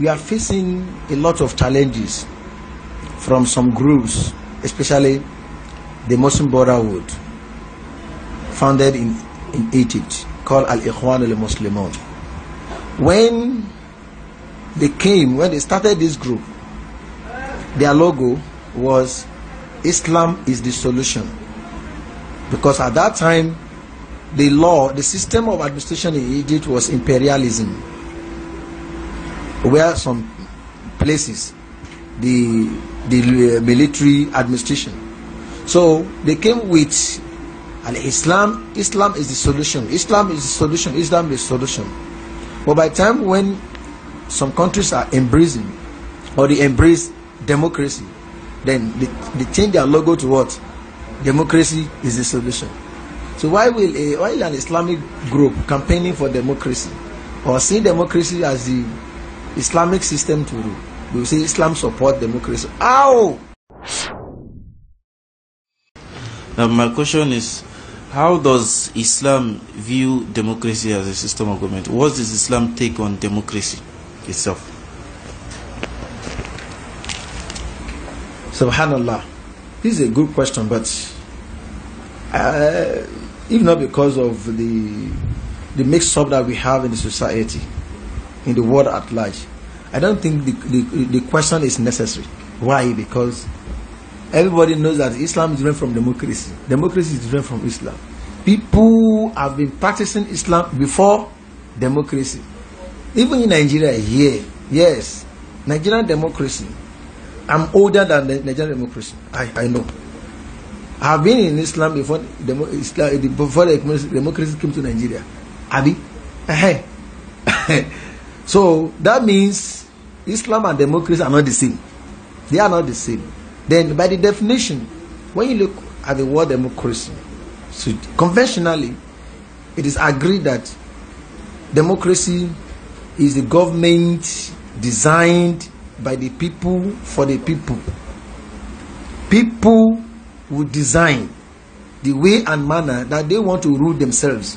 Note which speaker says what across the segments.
Speaker 1: we are facing a lot of challenges from some groups, especially the Muslim Brotherhood, founded in, in Egypt, called Al Ikhwan al Muslimun. When they came, when they started this group, their logo was Islam is the solution. Because at that time, the law, the system of administration in Egypt was imperialism where some places the the uh, military administration so they came with an Islam Islam is the solution Islam is the solution Islam is the solution but by time when some countries are embracing or they embrace democracy then they, they change their logo to what democracy is the solution so why will a, why will an Islamic group campaigning for democracy or seeing democracy as the Islamic system to rule. We say Islam support democracy. How? Now my question is, how does Islam view democracy as a system of government? What does Islam take on democracy itself? Subhanallah. This is a good question, but uh, if not because of the the mixed up that we have in the society, in the world at large. I don't think the, the, the question is necessary. Why? Because everybody knows that Islam is different from democracy. Democracy is different from Islam. People have been practicing Islam before democracy. Even in Nigeria, here, yes, Nigerian democracy. I'm older than the Nigerian democracy. I, I know. I've been in Islam before, demo, Islam, before the democracy came to Nigeria. Abi? So that means Islam and democracy are not the same. They are not the same. Then by the definition, when you look at the word democracy, so conventionally, it is agreed that democracy is the government designed by the people for the people. People will design the way and manner that they want to rule themselves.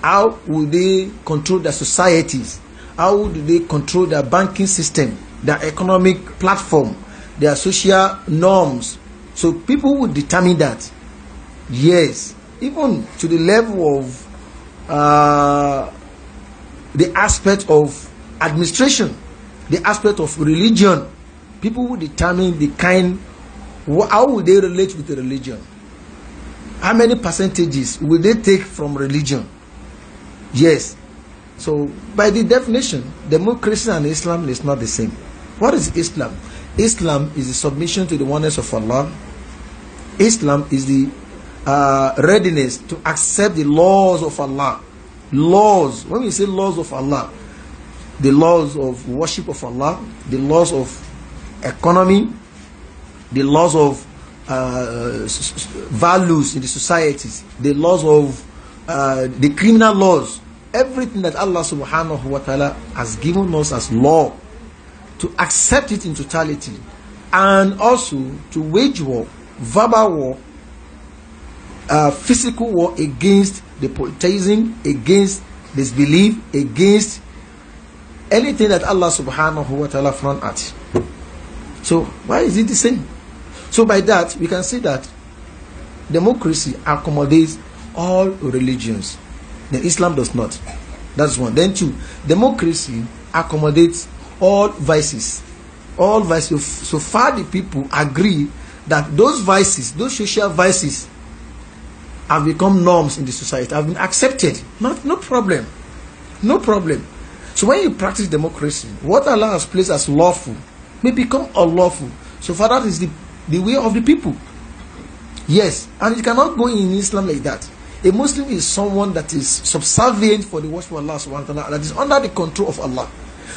Speaker 1: How will they control their societies? How do they control their banking system, their economic platform, their social norms? So people would determine that. Yes, even to the level of uh, the aspect of administration, the aspect of religion, people would determine the kind, how would they relate with the religion? How many percentages will they take from religion? Yes, so, by the definition, the move Christian and Islam is not the same. What is Islam? Islam is the submission to the oneness of Allah. Islam is the uh, readiness to accept the laws of Allah. Laws, when we say laws of Allah, the laws of worship of Allah, the laws of economy, the laws of uh, values in the societies, the laws of uh, the criminal laws, everything that Allah subhanahu wa ta'ala has given us as law, to accept it in totality, and also to wage war, verbal war, uh, physical war against the polytheism, against disbelief, against anything that Allah subhanahu wa ta'ala front at. So why is it the same? So by that we can see that democracy accommodates all religions. Then Islam does not. That's one. Then two, democracy accommodates all vices. All vices. So far the people agree that those vices, those social vices, have become norms in the society, have been accepted. Not, no problem. No problem. So when you practice democracy, what Allah has placed as lawful may become unlawful. So far that is the, the way of the people. Yes, and it cannot go in Islam like that. A Muslim is someone that is subservient for the worship of Allah subhanahu wa ta'ala, that is under the control of Allah.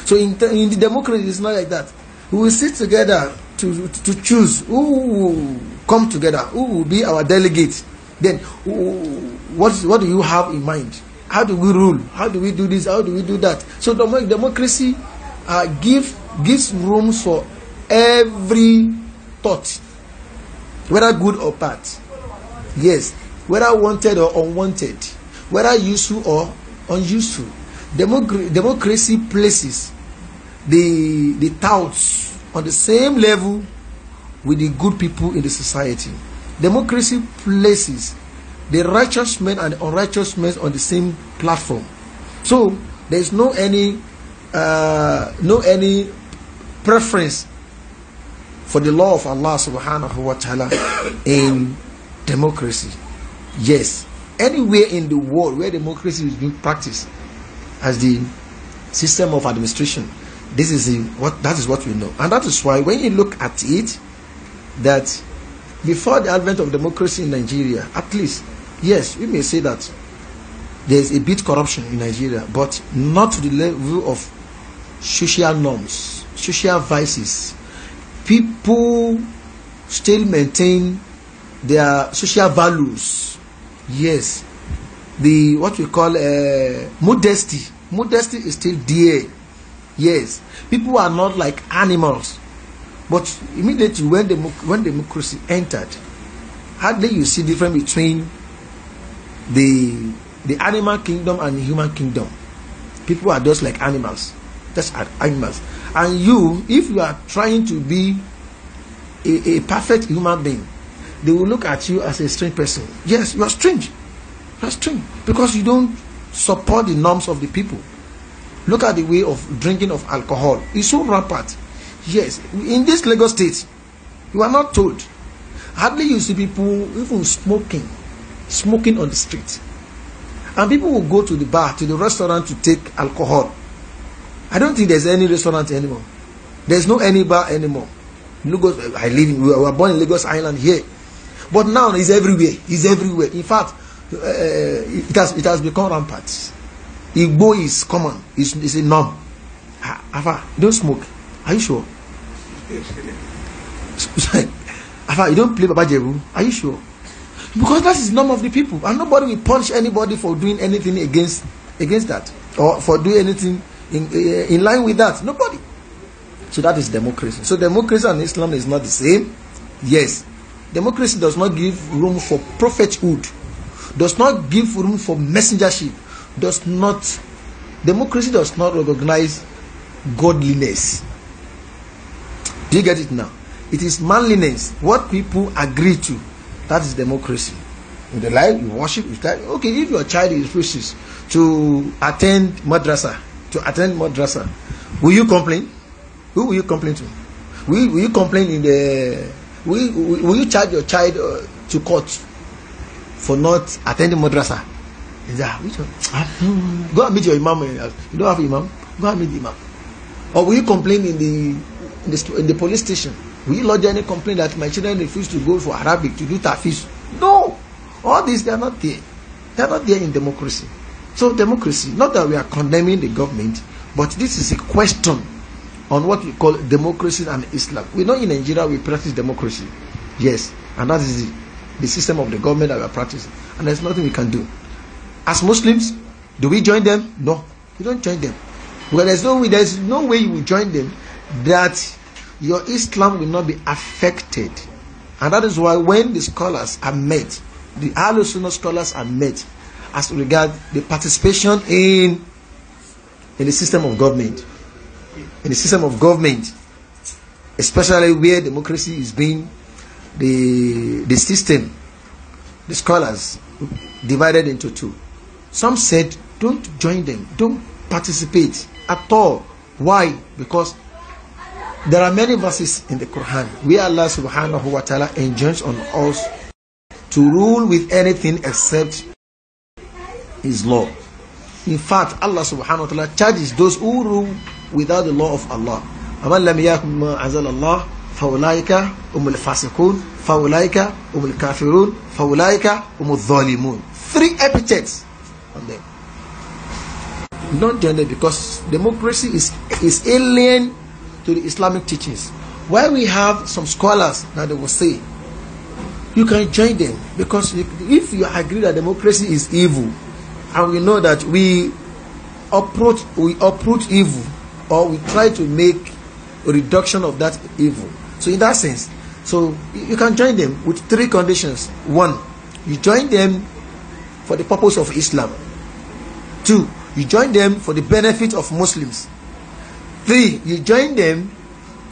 Speaker 1: So in, in the democracy, it's not like that. We will sit together to, to, to choose who will come together, who will be our delegate. Then, what, what do you have in mind? How do we rule? How do we do this? How do we do that? So democracy uh, give, gives room for every thought, whether good or bad. Yes, whether wanted or unwanted, whether useful or unuseful. democracy places the, the touts on the same level with the good people in the society. Democracy places the righteous men and the unrighteous men on the same platform. So there is no any uh, no any preference for the law of Allah subhanahu wa ta'ala in democracy. Yes, anywhere in the world where democracy is being practiced as the system of administration, this is the, what that is what we know, and that is why when you look at it, that before the advent of democracy in Nigeria, at least, yes, we may say that there is a bit corruption in Nigeria, but not to the level of social norms, social vices. People still maintain their social values Yes. The what we call uh, modesty. Modesty is still there. Yes. People are not like animals. But immediately when the when democracy entered, hardly you see difference between the the animal kingdom and the human kingdom. People are just like animals, just animals. And you, if you are trying to be a, a perfect human being, they will look at you as a strange person. Yes, you are strange. You are strange because you don't support the norms of the people. Look at the way of drinking of alcohol. It's so rampant. Yes, in this Lagos state, you are not told. Hardly you see people even smoking, smoking on the street. And people will go to the bar, to the restaurant to take alcohol. I don't think there's any restaurant anymore. There's no any bar anymore. Lagos, I live in, we were born in Lagos Island here. But now it's everywhere. It's everywhere. In fact, uh, uh, it, has, it has become rampant. Igbo is common. It's, it's a norm. Afa, don't smoke. Are you sure? Afa, you don't play Baba Are you sure? Because that is norm of the people. And nobody will punch anybody for doing anything against against that. Or for doing anything in, uh, in line with that. Nobody. So that is democracy. So democracy and Islam is not the same. Yes. Democracy does not give room for prophethood, does not give room for messengership, does not, democracy does not recognize godliness. Do you get it now? It is manliness, what people agree to. That is democracy. If the like, you worship, you Okay, if your child is refuses to attend madrasa, to attend madrasa, will you complain? Who will you complain to? Will, will you complain in the Will, will, will you charge your child uh, to court for not attending madrasa? Is that which one? Go and meet your imam. Eh, you don't have imam. Go and meet the imam. Or will you complain in the in the, in the police station? Will you lodge any complaint that my children refuse to go for Arabic to do tafis? No, all these they are not there. They are not there in democracy. So democracy, not that we are condemning the government, but this is a question on what we call democracy and Islam. We know in Nigeria we practice democracy, yes, and that is the system of the government that we are practicing, and there's nothing we can do. As Muslims, do we join them? No, we don't join them. Well, there's no way, there's no way you will join them that your Islam will not be affected. And that is why when the scholars are met, the Ahlul Sunnah scholars are met as regard the participation in in the system of government in the system of government, especially where democracy is being the the system, the scholars divided into two. Some said, don't join them, don't participate at all. Why? Because there are many verses in the Quran where Allah subhanahu wa ta'ala enjoins on us to rule with anything except His law. In fact, Allah subhanahu wa ta'ala charges those who rule without the law of Allah ومن لم يحكم ما أنزل الله فأولئك هم الفاسقون فأولئك هم الكافرون فأولئك هم الظالمون three epithets on them not generally because democracy is is alien to the Islamic teachings why we have some scholars that they will say you can join them because if you agree that democracy is evil and we know that we approach we approach evil or we try to make a reduction of that evil. So in that sense, so you can join them with three conditions. One, you join them for the purpose of Islam. Two, you join them for the benefit of Muslims. Three, you join them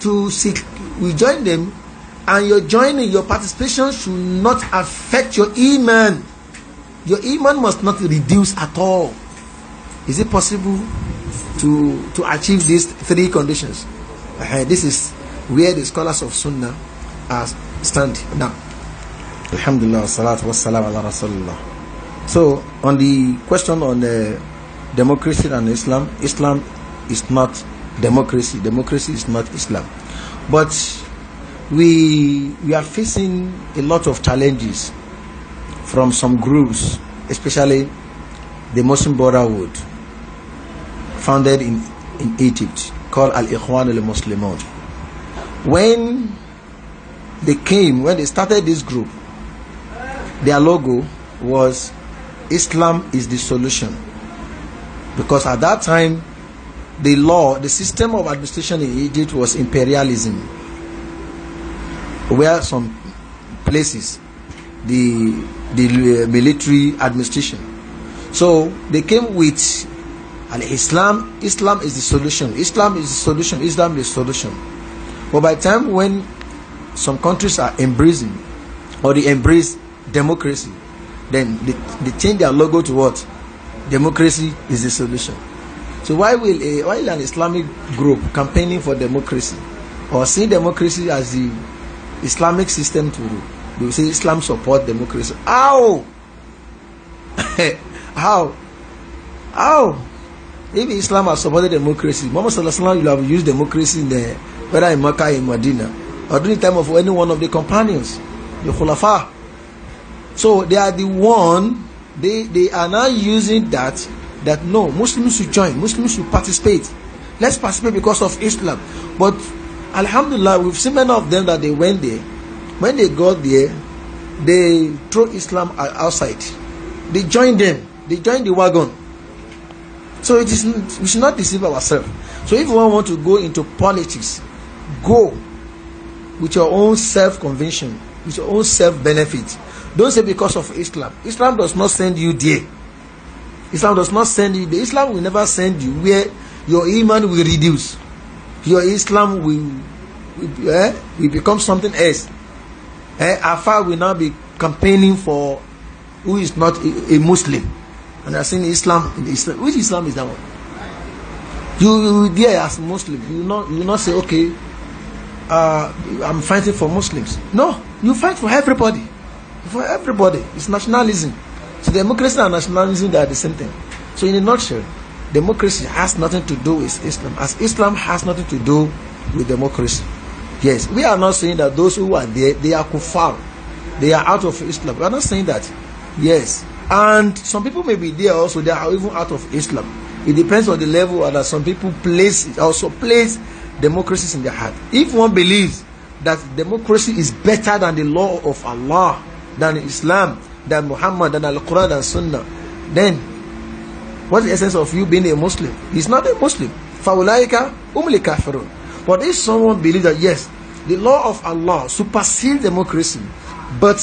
Speaker 1: to seek, we join them, and your joining, your participation should not affect your iman. Your iman must not reduce at all. Is it possible? to, to achieve these three conditions. Uh, this is where the scholars of Sunnah are stand now. Alhamdulillah, wassalam ala rasulullah. So, on the question on the democracy and Islam, Islam is not democracy. Democracy is not Islam. But we, we are facing a lot of challenges from some groups, especially the Muslim Brotherhood founded in, in Egypt called Al Ikhwan al Muslimun. When they came, when they started this group, their logo was Islam is the solution. Because at that time, the law, the system of administration in Egypt was imperialism. Where some places, the, the uh, military administration. So they came with and Islam, Islam is the solution. Islam is the solution. Islam is the solution. But by the time when some countries are embracing or they embrace democracy, then they, they change their logo to what? Democracy is the solution. So why will a, why will an Islamic group campaigning for democracy or seeing democracy as the Islamic system to rule? They will say Islam support democracy. How? How? How? If Islam has supported democracy, Muhammad Sallallahu will have used democracy in the, whether in Makkah, in Medina, or during the time of any one of the companions, the Khulafa. So they are the one, they, they are now using that, that no, Muslims should join, Muslims should participate. Let's participate because of Islam. But Alhamdulillah, we've seen many of them that they went there. When they got there, they threw Islam outside. They joined them. They joined the wagon. So it is we should not deceive ourselves. So if one want to go into politics, go with your own self conviction, with your own self benefit. Don't say because of Islam. Islam does not send you there. Islam does not send you there. Islam will never send you where your iman will reduce. Your Islam will, will, eh, will become something else. Eh, Afar will now be campaigning for who is not a, a Muslim and they are saying Islam in Islam. Which Islam is that one? You, you there as Muslim, you not you not say okay, uh, I'm fighting for Muslims. No, you fight for everybody, for everybody. It's nationalism. So democracy and nationalism they are the same thing. So in a nutshell, democracy has nothing to do with Islam, as Islam has nothing to do with democracy. Yes, we are not saying that those who are there they are kuffar, they are out of Islam. We are not saying that. Yes, and some people may be there also, they are even out of Islam. It depends on the level that some people place also place democracies in their heart. If one believes that democracy is better than the law of Allah, than Islam, than Muhammad, than Al Quran, than Sunnah, then what is the essence of you being a Muslim? He's not a Muslim. But if someone believes that yes, the law of Allah supersedes democracy, but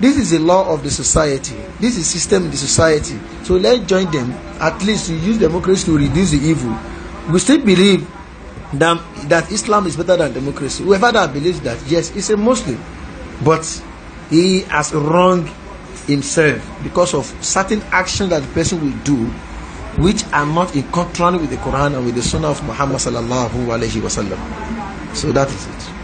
Speaker 1: this is a law of the society. This is system in the society. So let's join them. At least to use democracy to reduce the evil. We still believe that, that Islam is better than democracy. Whoever that believes that, yes, he's a Muslim. But he has wronged himself because of certain action that the person will do which are not in contrary with the Quran and with the Sunnah of Muhammad sallallahu alaihi wasallam. So that is it.